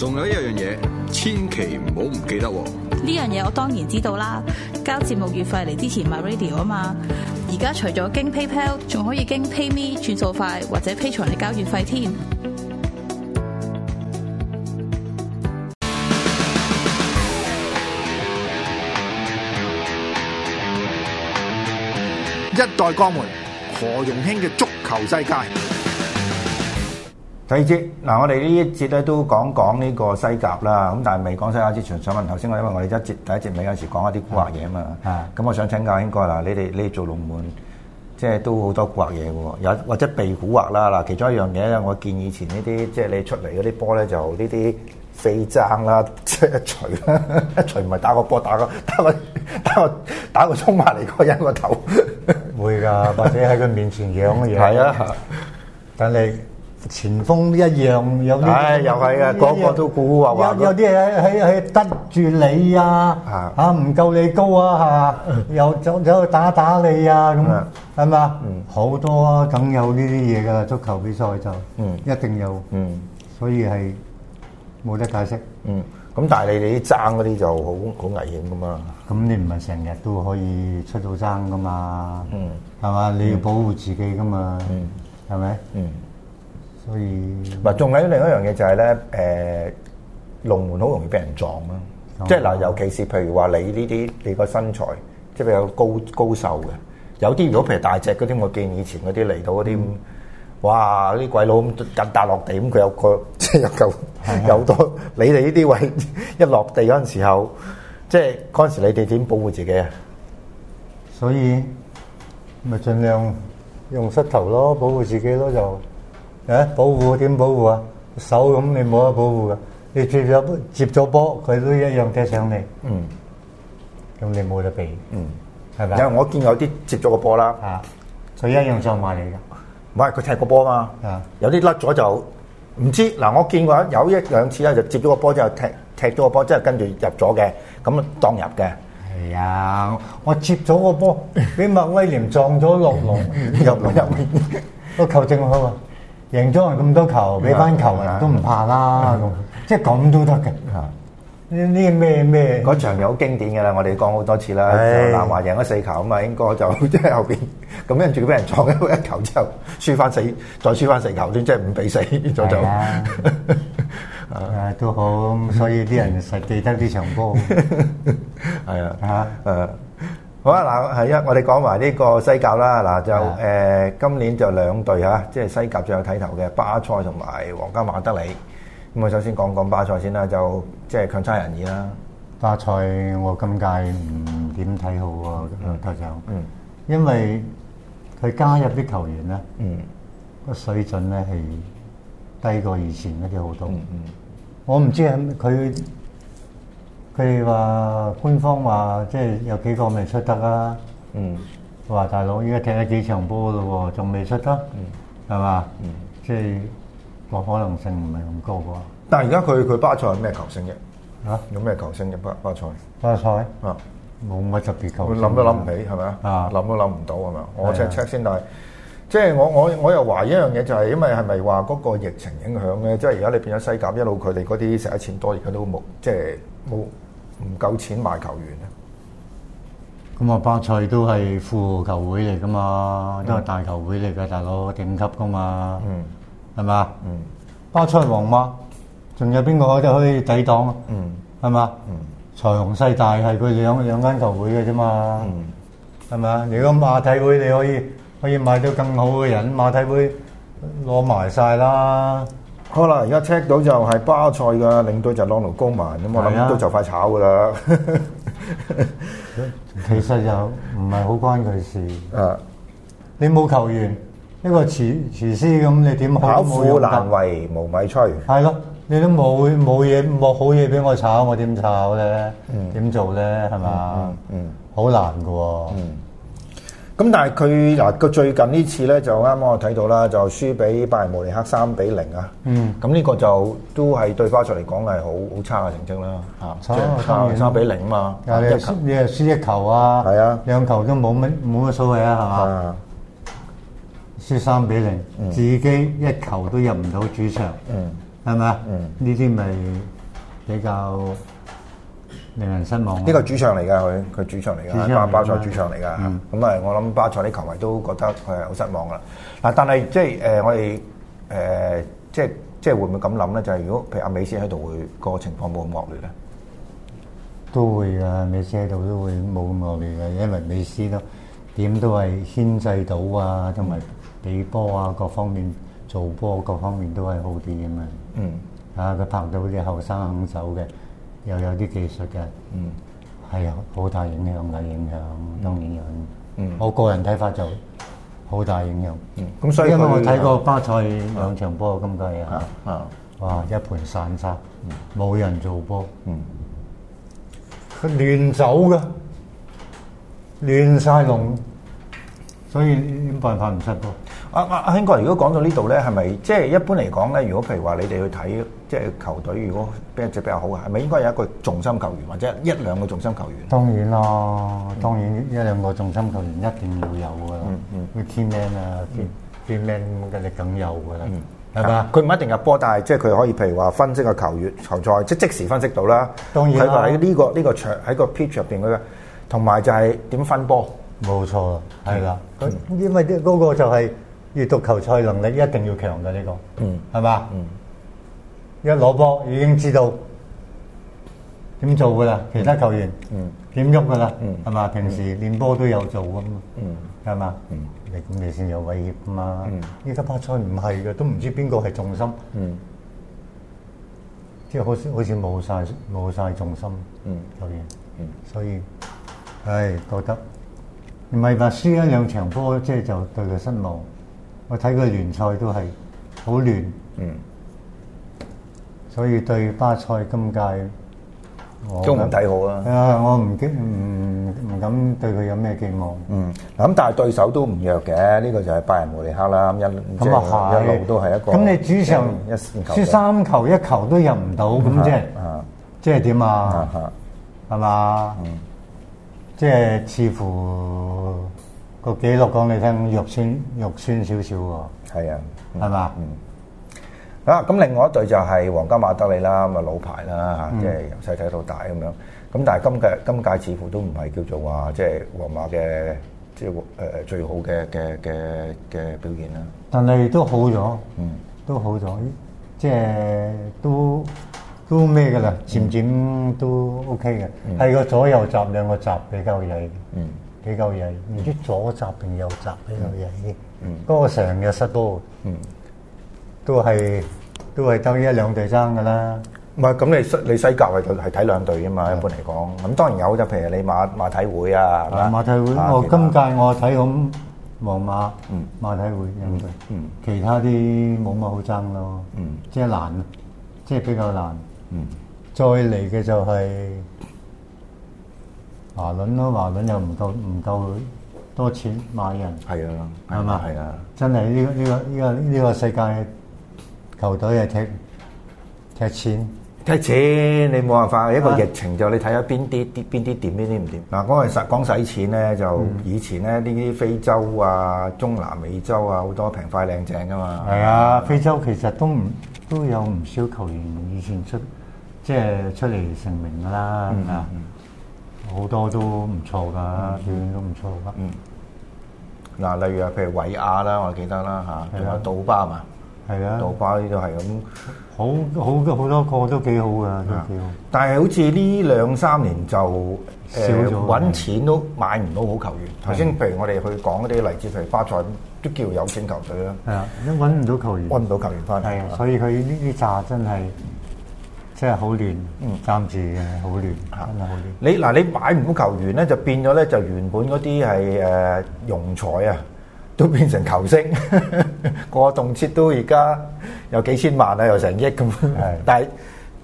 仲有一樣嘢，千祈唔好唔記得喎！呢樣嘢我當然知道啦，交節目月費嚟支持 MyRadio 啊嘛！而家除咗經 PayPal，仲可以經 PayMe 轉數快，或者 Patreon 嚟交月費添。一代鋼門何容興嘅足球世界。第二節，嗱，我哋呢一節咧都講講呢個西甲啦，咁但係未講西甲之前，想問頭先我，因為我哋一節第一節尾有時講一啲古惑嘢啊嘛，咁、嗯、我想請教，應該嗱，你哋你哋做龍門，即係都好多古惑嘢喎，有或者被古惑啦嗱，其中一樣嘢咧，我見以前呢啲即係你出嚟嗰啲波咧，就呢啲飛踭啦，即一除槌 一除唔係打個波，打個打個打個打個衝埋嚟嗰人個頭會，會㗎，或者喺佢面前養嘅嘢，係啊 Witcher.，等你。前鋒一樣有啲，唉，又係啊！個個都古惑惑有有啲嘢喺喺得住你啊！嚇，唔夠你高啊！嚇，又走走去打打你啊！咁係咪？好多啊，梗有呢啲嘢噶啦！足球比賽就一定有，所以係冇得解釋。咁但係你哋爭嗰啲就好好危險噶嘛？咁你唔係成日都可以出到爭噶嘛？係嘛？你要保護自己噶嘛？係咪？所以，唔係仲有另一樣嘢就係、是、咧，誒、呃，龍門好容易俾人撞啊，哦、即係嗱，尤其是譬如話你呢啲，你個身材即係比較高高瘦嘅，有啲如果譬如大隻嗰啲，我見以前嗰啲嚟到嗰啲，嗯、哇，啲鬼佬咁咁大落地咁，佢有個即係一嚿有，的 有多，你哋呢啲位一落地嗰陣時候，即係嗰陣時你哋點保護自己啊？所以咪盡量用膝頭咯，保護自己咯就。誒，保護點保護啊？手咁你冇得保護噶，你接咗接咗波，佢都一樣踢上嚟。嗯，咁你冇得避。嗯，係咪啊？有我見有啲接咗個波啦。啊，佢一樣撞埋你噶。唔係，佢踢個波啊嘛。啊，有啲甩咗就唔知。嗱，我見過有一兩次咧，就接咗個波之後踢踢咗個波，之後跟住入咗嘅，咁當入嘅。係啊，我接咗個波，俾麥威廉撞咗落籠，入嚟入面個球證好嘛。贏咗人咁多球，俾翻球人都唔怕啦。咁即係咁都得嘅。呢呢咩咩？嗰場又好經典嘅啦，我哋講好多次啦。南華贏咗四球啊嘛，應該就即係後邊咁，跟住俾人撞咗一球之後輸，輸翻四，再輸翻四球，球四球就即係五比四再走。係啊，誒都好，所以啲人實記得呢場波。係啊，啊誒。好啦，啊，嗱，啊，係一我哋講埋呢個西甲啦，嗱就誒、呃、今年就兩隊吓，啊，即係西甲最有睇頭嘅巴塞同埋皇家馬德里。咁，嗯、我首先講講巴塞先啦，就即係強差人意啦。巴塞我今屆唔點睇好啊，頭先、嗯。嗯，嗯，因為佢加入啲球員咧，個、嗯、水準咧係低過以前嗰啲好多。嗯，嗯，嗯我唔知佢。佢哋話官方話即係有幾個未出得啊？嗯，話大佬依家踢咗幾場波咯喎，仲未出得，係嘛？嗯，吧嗯，即係我可能性唔係咁高啩、啊。但係而家佢佢巴塞係咩球星嘅？嚇、啊，有咩球星嘅巴巴塞？巴塞啊，冇乜特別球星。諗都諗唔起係咪啊？諗都諗唔到係咪啊？我 check check 的先，但係即係我我我又懷疑一樣嘢，就係因為係咪話嗰個疫情影響咧？即係而家你變咗西，西甲一路，佢哋嗰啲成得錢多，而家都冇即係。好，唔夠錢買球員啊！咁啊，巴塞都係富球會嚟噶嘛，嗯、都係大球會嚟嘅，大佬頂級噶嘛，嗯，係嘛吧？嗯，巴塞、皇馬仲有邊個都可以抵擋啊？嗯，係嘛吧？嗯，塞隆西大係佢哋兩兩間球會嘅啫嘛，嗯，係嘛？如果馬體會你可以可以買到更好嘅人，馬體會攞埋晒啦。好啦，而家 check 到就係巴塞噶領隊就朗奴高曼，咁、啊、我諗都就快炒噶啦。 其實又唔係好關佢事。啊，你冇球員，一、呢個廚廚師咁，你點炒？巧婦難為無米炊。係咯、啊，你都冇冇嘢冇好嘢俾我炒，我點炒咧？點、嗯、做咧？係咪、嗯？嗯，好難嘅喎、哦。嗯咁但係佢嗱，佢最近次呢次最近呢次咧就啱啱我睇到啦，就輸俾拜仁慕尼黑三比零啊！嗯，咁呢個就都係對巴塞嚟講係好好差嘅成績啦。啊、差三比零啊嘛，啊你輸球你輸一球啊，係是啊，啊，兩球都冇乜冇乜所謂啊，係嘛？輸三比零，嗯、自己一球都入唔到主場，係咪啊？呢啲咪比較令人失望。呢個主場嚟㗎，佢佢主場嚟㗎，巴塞主場嚟㗎。咁啊、嗯嗯嗯，我諗巴塞啲球迷都覺得佢係好失望㗎喇。嗱、啊，但係即係誒，我哋誒、呃、即係即係會唔會咁諗咧？就係、是、如果譬如阿美斯喺度，會、個情況冇咁惡劣咧？都會㗎，美斯喺度都會冇咁惡劣嘅，因為美斯都點都係牽制到啊，同埋俾波啊各方面做波各，各，各，各方面都係好啲嘅嘛。嗯。啊，佢拍到啲後生肯手嘅。又有啲技術嘅，係好大影響嘅影響，當然有。我個人睇法就好大影響。咁所以因為我睇過巴塞兩場波今季啊，哇！一盤散沙，冇人做波，佢亂走嘅，亂晒龍，所以點辦法唔出波？阿阿阿興哥，如果講到呢度咧，係咪即係一般嚟講咧？如果譬如話你哋去睇，即係球隊，如果邊隻比較好啊？係咪應該有一個重心球員，或者一兩個重心球員？當然咯，當然一兩個重心球員一定會有嘅。嗯嗯，啲 team man 啊，team man 嘅力梗有㗎啦。嗯，係嘛、啊？佢唔一定入波，但即係佢可以譬如話分析個球員球賽，即即時分析到啦。當然喺呢個、呢個、呢個場喺個 pitch 入邊嘅，同埋就係點分波。冇錯，係啦冇錯。咁、嗯、因為啲嗰個就係、嗯。要讀球賽能力一定要強嘅，呢個，係嘛？一攞波已經知道點做噶啦，其他球員點喐噶啦，係嘛？平時練波都有做啊嘛，係嘛？你咁你先有威脅噶嘛？呢個巴塞唔係嘅，都唔知邊個係重心，即係好似好似冇晒冇晒重心球員，所以，唉，覺得唔係話輸一兩場波即係就對佢失望。我睇佢聯賽都係好亂，嗯，所以對巴塞今屆，都唔睇好啊！啊，我唔驚，唔唔敢對佢有咩寄望。嗯，咁，但係對手都唔弱嘅，呢個就係拜仁慕尼黑啦。咁因咁啊，下一路都係一個咁你主場輸三球一球都入唔到，咁即係即係點啊？係嘛？即係似乎。個記錄講你聽，肉酸肉酸少少喎。係啊，係嘛？嗯。啊，咁另外一隊就係皇家馬德里啦，咁啊老牌啦，吓，即係由細睇到大咁樣。咁但係今屆今屆似乎都唔係叫做話，即係皇馬嘅，即係誒最好嘅嘅嘅嘅表現啦。但係都好咗，嗯，都好咗，即係都都咩噶啦？漸漸都 OK 嘅，係個左右閘兩個閘比較好睇。嗯。幾嚿嘢唔知左閘定右閘幾嚿嘢，嗰個成日失波，都係都係爭一兩隊爭噶啦。唔係咁，你西你西甲係睇係睇兩隊噶嘛？一般嚟講，咁當然有就譬如你馬馬體會啊。馬體會，我今屆我睇好皇馬、馬體會兩隊，其他啲冇乜好爭咯，即係難，即係比較難。再嚟嘅就係。華倫咯，華倫又唔夠唔夠多錢買人，係啊，啱啊，係啊，真係呢、呢個呢、呢個呢個呢個世界球隊係踢踢錢，踢錢你冇辦法，啊、一個疫情就你睇下邊啲啲邊啲點邊啲唔點嗱，講實講使錢咧就以前咧呢啲、嗯、非洲啊、中南美洲啊好多平快靚正㗎嘛？係、嗯、啊，非洲其實都唔都有唔少球員以前出即係出嚟成名㗎啦，嗱、嗯。嗯嗯好多都唔錯噶，隊員都唔錯啦。嗯，嗱，例如啊，譬如維亞啦，我記得啦吓，仲有杜巴嘛，係啊，杜巴呢度都係咁，好好好多個都幾好噶，都幾好。但係好似呢兩三年就少咗，揾錢都買唔到好球員。頭先譬如我哋去講啲例子，譬如巴塞都叫有錢球隊啦。係啊，因揾唔到球員，揾唔到球員翻嚟啊，所以佢呢啲炸真係。即係好亂，嗯，暫時嘅好亂，嚇真係好亂。你嗱，你買唔到球員咧，就變咗咧，就原本嗰啲係誒用材啊，都變成球星，個動切都而家有幾千萬啊，有成億咁。係，但係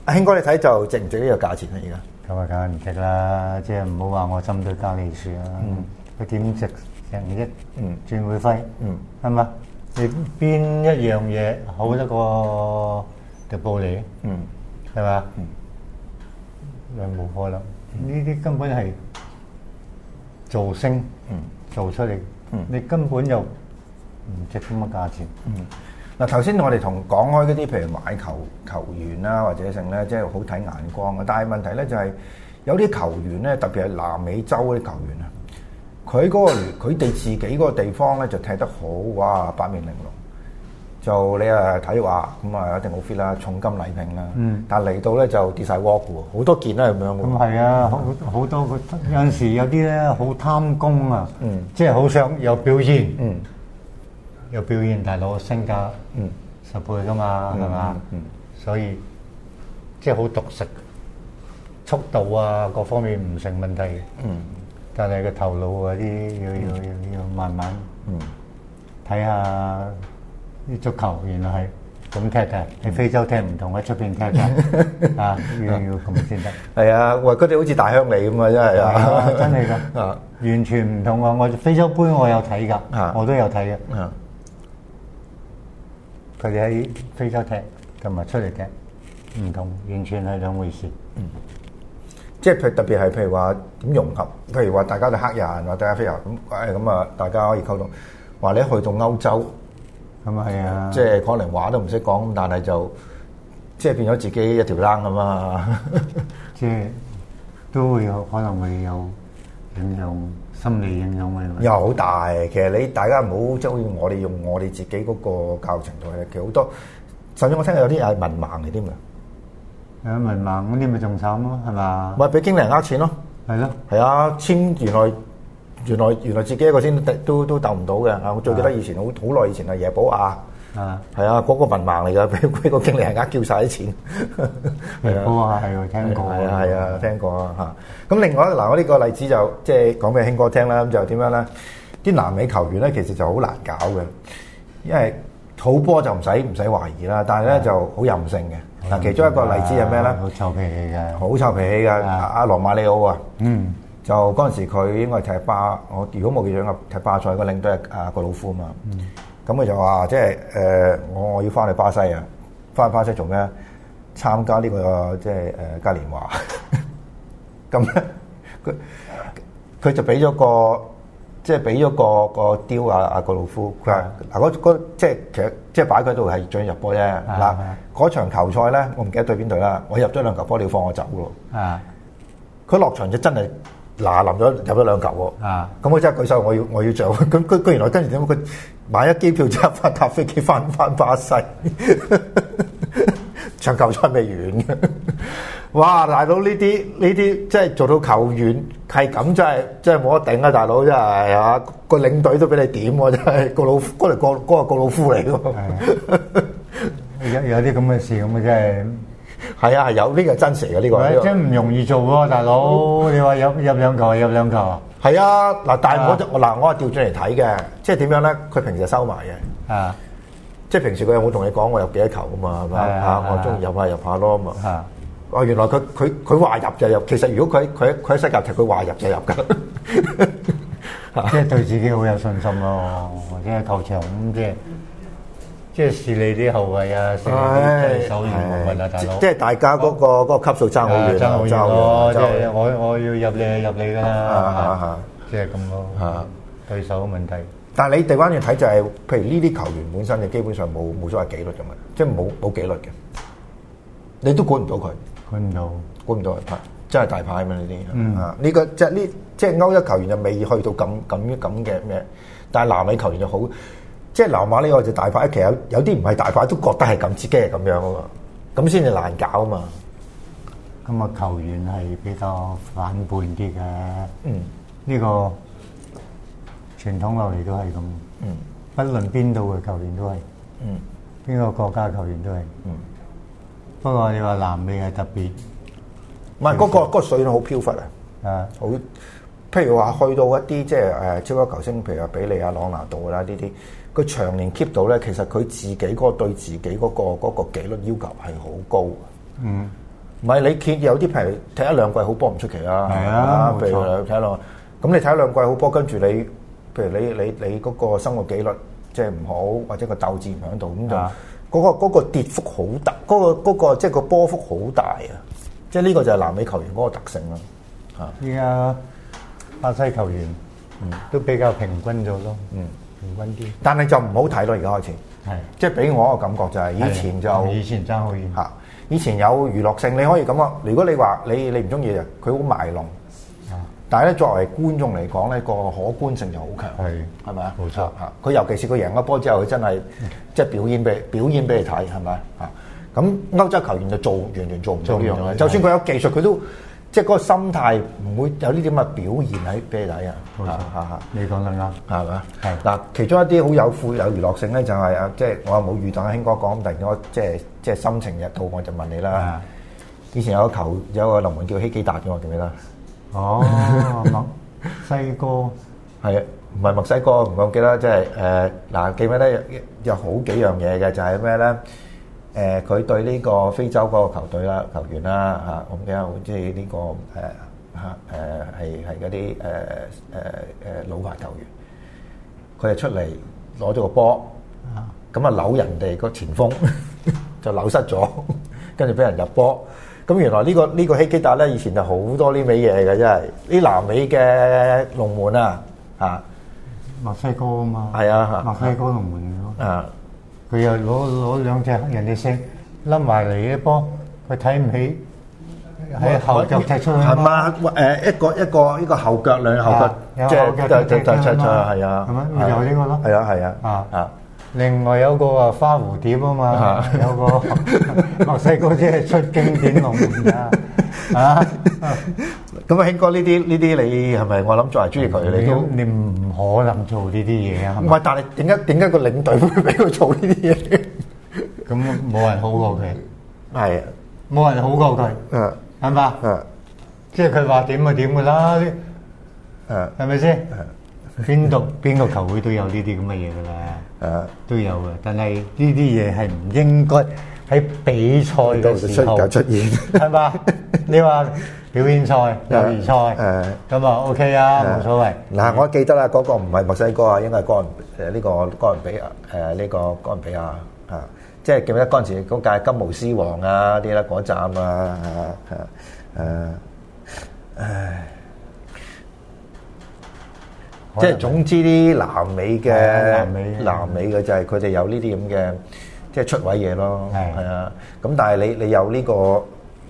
阿興哥，你睇就值唔值呢個價錢咧？而家咁啊，梗係唔值啦。即係唔好話我針對加利殊啦。嗯，佢點值成億？嗯，轉會費。嗯，係嘛？你邊一樣嘢好得過迪布尼？嗯。係嘛？又冇破啦！呢啲、嗯、根本係造星，嗯、做出嚟，嗯、你根本就唔值咁嘅價錢。嗱、嗯，頭先、嗯、我哋同講開嗰啲，譬如買球球員啦，或者成咧，即係好睇眼光嘅。但係問題咧就係，有啲球員咧，特別係南美洲嗰啲球員啊，佢嗰、嗰個佢哋自己嗰個地方咧就踢得好哇，八面玲瓏。就你啊睇話，咁啊一定好 fit 啦，重金禮聘啦。嗯。但係嚟到咧就跌曬 watt 嘅喎，好多件都係咁樣嘅。咁係啊，好好多有陣時有啲咧好貪功啊，即係好想有表現。嗯。有表現，大佬，升價，嗯，十倍㗎嘛，係嘛？嗯。所以即係好獨食，速度啊各方面唔成問題。嗯。但係個頭腦嗰啲要要要要慢慢，嗯，睇下。啲足球原來係咁踢踢，喺非洲踢唔同，喺出邊踢踢啊，要要咁先得。係啊，喂，佢哋好似大鄉里咁啊，真係啊，真係㗎，完全唔同啊！我非洲杯我有睇㗎，我都有睇嘅。佢哋喺非洲踢同埋出嚟踢唔同，完全係兩回事。嗯，即係特特別係譬如話點融合？譬如話大家都黑人啊，大家非洲咁誒咁啊，大家可以溝通。話你去到歐洲。咁啊，係啊！即係可能話都唔識講，但係就即係變咗自己一條躝咁啊！即係都會有，可能會有影響心理影響嘅。又好大，其實你大家唔好即係好似我哋用我哋自己嗰個教育程度嘅，其實好多甚至我聽有啲係文盲嚟添㗎。係啊，文盲嗰啲咪仲慘咯，係嘛？咪俾經理人呃錢咯，係咯，係啊，簽住去。原來原來自己一個先都都鬥唔到嘅啊！我最記得以前好好耐以前啊，耶保亞啊，係啊，嗰個文盲嚟噶，俾個經理人呃叫曬啲錢。耶保亞係啊，聽過啊，係啊，聽過啊嚇。咁另外嗱，我呢個例子就即係講俾興哥聽啦。咁就點樣咧？啲南美球員咧，其實就好難搞嘅，因為土波就唔使唔使懷疑啦。但係咧就好任性嘅。嗱，其中一個例子係咩咧？好臭脾氣嘅，好臭脾氣嘅阿羅馬利奧啊，嗯。就嗰陣時，佢應該係踢巴。我如果冇記錯踢巴塞、個領隊係阿哥魯夫啊嘛。咁佢就話：即係誒、呃，我我要翻去巴西啊！翻去巴西做咩啊？參加呢、呢個即係誒嘉年華。咁咧，佢佢就俾咗個即係俾咗個個雕阿阿哥魯夫。佢話嗱，嗰即係其實即係擺佢喺度係準入波啫。嗱，嗰場球賽咧，我唔記得對邊隊啦。我入咗兩球波，你要放我走咯。佢落是場就真係～嗱，淋咗入咗兩球喎，咁我、啊、真係舉手，我要我要做，咁佢佢原來跟住點佢買咗機票就翻搭飛機翻翻巴西， 場球賽未完嘅， 哇！大佬呢啲呢啲即係做到球員係咁，真係真係冇得頂啊！大佬真係呀，個領隊都俾你點喎，真係個，個，個，個，個，個，個，個老夫嚟個嗰老夫嚟嘅，而 家有啲咁嘅事咁啊真係。真係啊，係有呢個真實嘅呢、這個，真唔容易做喎，大佬。 你話入入兩球，入兩球。係啊，嗱，但係我就嗱，我係調轉嚟睇嘅，即係點樣咧？佢平時收埋嘅，啊，即係平時佢有冇同你講我入幾多球啊？啊嘛，係咪、啊，我中意入下入下咯嘛。哦，原來佢佢佢話入就入。其實如果佢佢佢喺西甲踢，佢話入就入噶。 即係對自己好有信心咯，哦，即係球場即係。嗯即係試你啲後衞啊，試你啲對手嘅問題啦，大佬。即係大家嗰個嗰個級數爭好遠。爭好遠咯，即係我我要入你入你啦。嚇嚇嚇！即係咁咯。嚇！對手嘅問題。但係你掉翻轉睇就係，譬如呢啲球員本身你基本上冇冇所謂紀律嘅問題，即係冇冇紀律嘅，你都管唔到佢。管唔到，管唔到係牌，真係大牌啊嘛！呢啲。嗯啊，呢個即係呢，即係歐洲球員就未去到咁咁咁嘅咩？但係南美球員就好。即係拿馬呢個就大牌，其實有啲唔係大牌，都覺得係咁，自己係咁樣喎，咁先至難搞啊嘛。咁啊，球員係比較反叛啲嘅。嗯，呢、呢個傳統落嚟都係咁。嗯，不論邊度嘅球員都係。嗯，邊個國家嘅球員都係。嗯，不過你話南美係特別，唔係嗰個嗰個水好漂忽啊。啊吧，好，譬如話去到一啲即係誒超級球星，譬如話比利亞朗拿度啦呢啲。佢長年 keep 到咧，其實佢自己嗰個對自己嗰個嗰個紀律要求係好高嘅。嗯，唔係你有啲譬如踢一兩季好波唔出奇啦、啊。係啊，啊，譬如睇落，咁沒錯 你睇一兩季好波，跟住你譬如你你你嗰個生活紀律即係唔好，或者、啊個鬥志唔喺度，咁就嗰個跌幅好大，嗰個即係、嗰個嗰個就係、個波幅好大啊！即係呢個就係南美球員嗰個特性啦。啊，依家巴西球員嗯都比較平均咗咯。嗯。嗯。但係就唔好睇咯。而家開始，係的即係俾我一個感覺就係，以前就以前爭好遠嚇，以前有娛樂性，你可以咁啊。如果你話你你唔中意啊，佢好賣弄，但係咧作為觀眾嚟講咧，個可觀性就好強，係係咪啊？冇吧錯嚇，佢尤其是佢贏一波之後，佢真係即係表演俾的表演俾你睇，係咪啊？咁歐洲球員就做完全做唔出呢樣嘢，就算佢有技術，佢都。即係嗰個心態唔會有呢啲咁嘅表現喺俾你睇啊！冇錯，嚇嚇，你講得啱，係咪啊？係嗱，其中一啲好有富有娛樂性咧，就係啊，即係我又冇遇到阿興哥講，突然間即係即係心情又好，我就問你啦。以前有個球，有個龍門叫希基達嘅喎，記唔記得？哦，墨西哥係啊，唔係墨西哥，唔記得，即係誒嗱，記唔記得有有好幾樣嘢嘅，就係咩咧？誒佢對呢個非洲嗰個球隊啦、球員啦嚇，咁嘅好即係呢個誒嚇誒係係嗰啲誒誒誒老牌球員，佢就出嚟攞咗個波，咁啊扭人哋個前鋒就扭失咗，跟住俾人入波。咁原來呢個呢個希基達咧，以前就好多呢味嘢嘅，真係呢南美嘅龍門啊嚇，墨西哥啊嘛，係啊，墨西哥龍門嘅咯。佢又攞攞兩隻人哋剩甩埋嚟一波，佢睇唔起，喺後腳踢出去嘛？係嘛、哎？誒、呃、一個一個呢個後腳兩後腳，啊、即係是就踢，腳踢出去係啊，又應該咯。係啊係啊啊啊！另外有個啊花蝴蝶啊嘛，有個墨西哥只係出經典龍門啊，啊咁啊興哥呢啲呢啲你係咪我諗作為專業球你都你唔可能做呢啲嘢啊？唔係，但係點解點解個領隊會俾佢做呢啲嘢？咁冇人好過佢，係啊，冇人好過佢，嗯，係嘛，嗯，即係佢話點就點噶啦，嗯，係咪先？邊度邊個球會都有呢啲咁嘅嘢㗎啦？誒都有嘅，但係呢啲嘢係唔應該喺比賽嘅時候出現，係嘛？你話表演賽、友誼賽，咁啊 OK 啊，冇所謂。嗱，我記得啦，嗰個唔係墨西哥啊，應該係哥倫誒呢個哥倫比亞啊，誒呢個哥倫比亞啊，嚇，即係記得嗰陣時嗰屆金毛獅王啊啲啦，嗰站啊嚇誒。即係總之啲南美嘅南美嘅就係佢哋有呢啲咁嘅即係出位嘢咯，係啊是的。咁但係你你有呢個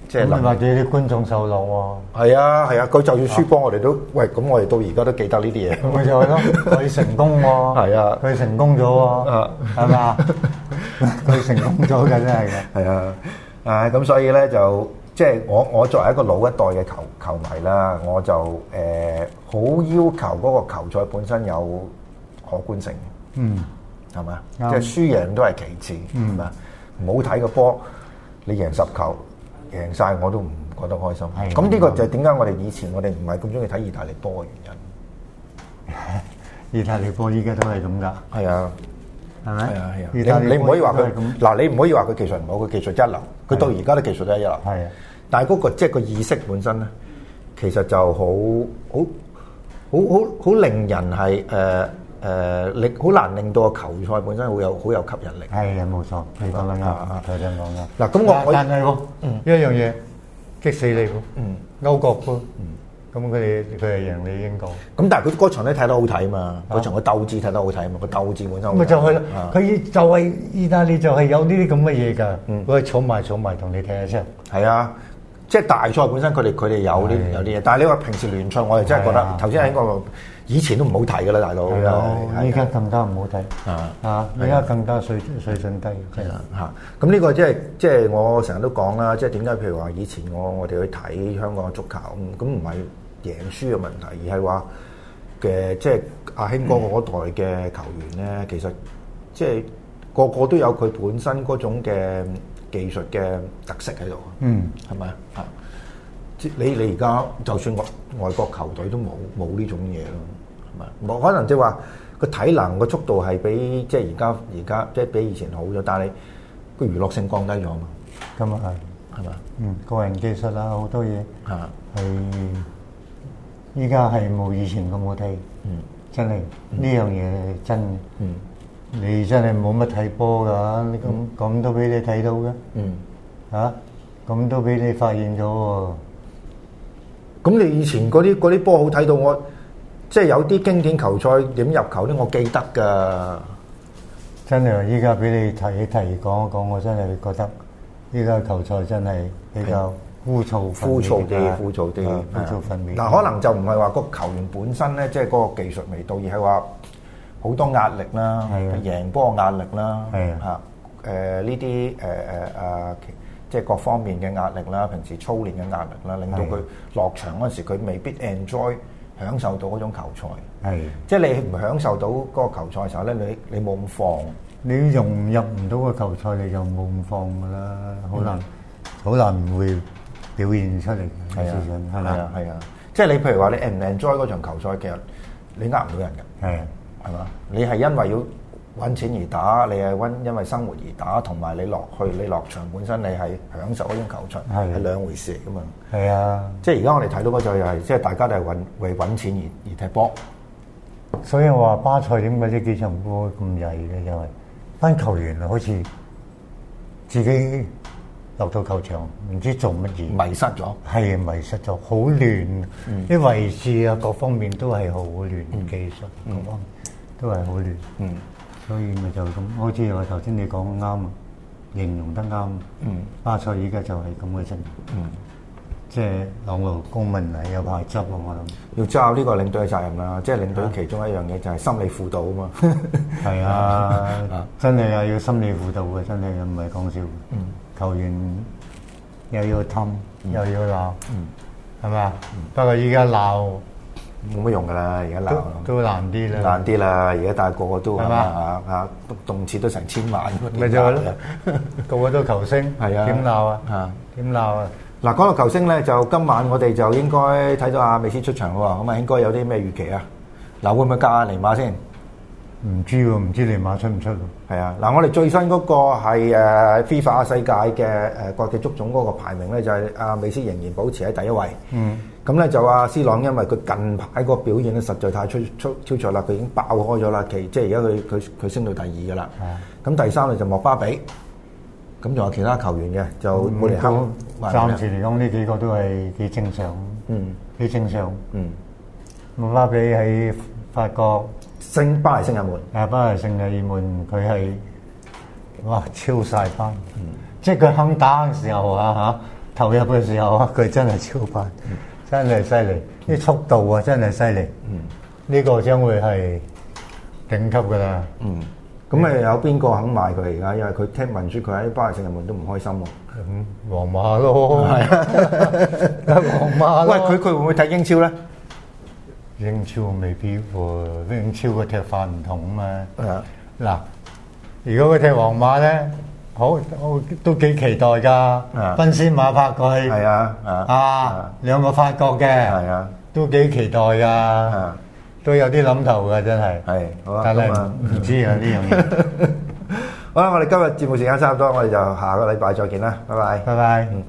即係令到啲觀眾受落喎。係啊係啊，佢就算輸波我哋都喂，咁，我哋到而家都記得呢啲嘢。咪就係咯，佢成功喎。係啊 的，佢成功咗喎。 啊，係咪啊？佢成功咗嘅真係嘅。係啊，誒咁所以咧就。即係我我作為一個老一代嘅球球迷啦，我就誒好、呃、要求嗰個球賽本身有可觀性。嗯，係嘛？即係輸贏都係其次，係嘛、嗯？唔好睇個波，你贏十球贏晒我都唔覺得開心。咁呢的個就係點解我哋以前我哋唔係咁中意睇意大利波嘅原因。意大利波依家都係咁㗎。係啊，係咪？係啊係啊！意大利波，你你唔可以話佢嗱，你唔可以話佢技術唔好，佢技術一流。 一流佢到而家都技術都一樣，的但係嗰、那個即係、就是、個意識本身咧，其實就好好好好好令人係誒誒，你、呃、好難令到個球賽本身好有好有吸引力。係啊，冇錯，你講得啱，頭先講嘅嗱，咁我但我，我、嗯、一樣嘢激死你嘅，嗯嗯、歐國杯。嗯咁佢哋佢係贏你英國。咁但係佢啲歌場咧睇得好睇啊嘛，佢場個鬥志睇得好睇啊嘛，個鬥志本身。咪就係咯，佢就係意大利就係有呢啲咁嘅嘢㗎。佢係坐埋坐埋同你聽下先。係啊，即係大賽本身佢哋佢哋有啲有啲嘢，但係你話平時聯賽，我哋真係覺得頭先喺個以前都唔好睇㗎啦，大佬。依家更加唔好睇。啊啊！依家更加水水準低。係啦。嚇！咁呢個即係即係我成日都講啦，即係點解譬如話以前我我哋去睇香港嘅足球，咁唔係。贏輸嘅問題，而係話嘅即係阿興哥嗰代嘅球員咧，嗯、其實即係個個都有佢本身嗰種嘅技術嘅特色喺度。嗯，係咪啊？啊，你你而家就算外外國球隊都冇冇呢種嘢咯，係咪、嗯？冇可能即係話個體能個速度係比即係而家而家即係比以前好咗，但係個娛樂性降低咗啊嘛。咁啊係，係咪、嗯？嗯，個人技術啦，好多嘢啊，係。依家係冇以前咁好睇，嗯、真係呢樣嘢真嘅。嗯、你真係冇乜睇波㗎，咁咁、嗯、都俾你睇到嘅，嚇、嗯？咁、啊、都俾你發現咗喎。咁、嗯、你以前嗰啲啲波好睇到我，我即係有啲經典球賽點入球咧，我記得㗎。真係，依家俾你提一提講一講，我真係覺得依家球賽真係比較。枯燥、枯燥啲、枯燥啲、枯燥訓練。嗱，可能就唔係話個球員本身咧，即係嗰個技術未到，而係話好多壓力啦，贏波壓力啦，嚇誒呢啲誒誒啊，即係各方面嘅壓力啦，平時操練嘅壓力啦，令到佢落場嗰時佢未必 enjoy 享受到嗰種球賽。係，即係你唔享受到嗰個球賽嘅時候咧，你你冇咁放，你融入唔到個球賽，你就冇咁放㗎啦，好難好難唔會。表現出嚟係啊係吧啊係啊！即係你譬如話你唔 enjoy 嗰場球賽，其實你呃唔到人㗎係係嘛？你係因為要揾錢而打，你係因為生活而打，同埋你落去你落場本身你係享受嗰種球場係、啊、兩回事嚟㗎嘛？係啊！即係而家我哋睇到嗰場又係即係大家都係揾為揾錢而而踢波、啊，所以我話巴塞點解啲幾場波咁曳嘅？因為班球員好似自己。落到球場唔知做乜嘢，迷失咗，係迷失咗，好亂，啲位置啊各方面都係好亂，技術都係好亂，所以咪就咁，好似我頭先你講啱，啊，形容得啱，巴塞依家就係咁嘅質，即係兩路公民嚟又怕執我諗，要抓呢個領隊嘅責任啊，即係領隊其中一樣嘢就係心理輔導啊，係啊，真係啊要心理輔導嘅，真係嘅唔係講笑。球員又要氹，又要鬧，係咪啊？不過依家鬧冇乜用噶啦，而家鬧都難啲啦，難啲啦！而家大係個個都係嘛嚇嚇，動輒，都成千萬嗰啲鬧，咪就係、個個都球星，點 鬧啊？點鬧 啊？嗱，講到球星咧，就今晚我哋就應該睇到阿美斯出場喎，咁啊應該有啲咩預期啊？嗱，會唔會隔阿尼馬先？唔知喎，唔知你馬出唔出喎？係啊，嗱，我哋最新嗰個係非法 i 世界嘅誒國際足總嗰個排名咧，就係阿美斯仍然保持喺第一位。嗯。咁咧就阿斯朗，因為佢近排個表現咧實在太出出超常啦，佢已經爆開咗啦，其即係而家佢佢佢升到第二噶啦。咁的第三咧就莫巴比，咁仲有其他球員嘅就冇嚟。嗯、暫時嚟講，呢幾個都係幾正常。嗯。幾正常。嗯。莫巴、嗯、比喺法國。聖巴黎聖日門，啊巴黎聖日門，佢係哇超晒翻，即係佢肯打嘅時候啊吓，投入嘅時候啊，佢真係超快，真係犀利，啲速度啊真係犀利，呢個將會係頂級噶啦，嗯，咁啊有邊個肯買佢嚟㗎？因為佢聽聞說佢喺巴黎聖日門都唔開心喎，咁皇馬咯，係啊，皇馬，喂佢佢會唔會睇英超咧？英超未必喎，英超個踢法唔同啊嘛。誒，嗱，如果佢踢皇馬咧，好，我都幾期待㗎。啊，奔馳馬拍佢。係啊，啊，兩個法國嘅。係啊，都幾期待㗎。啊，都有啲諗頭㗎，真係。係，好啊。大家唔知有啲咁嘅。好啦，我哋今日節目時間差唔多，我哋就下個禮拜再見啦，拜拜。拜拜。嗯。